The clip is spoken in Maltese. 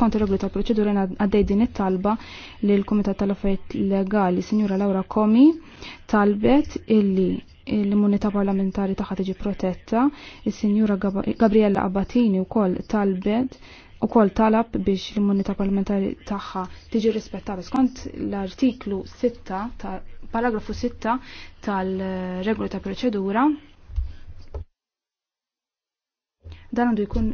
skont ir-reglu ta' proċedura għaddej din it-talba li l-Kumitat tal-Affarijiet Legali Sinjura Laura Komi talbet illi l-immunità parlamentari tagħha tiġi protetta, is-Sinjura Gabriella Abbatini wkoll talbet u kol talab biex l-immunità parlamentari tagħha tiġi rispettata skont l-artiklu 6 ta' paragrafu 6 tal-reglu ta' proċedura dan għandu jkun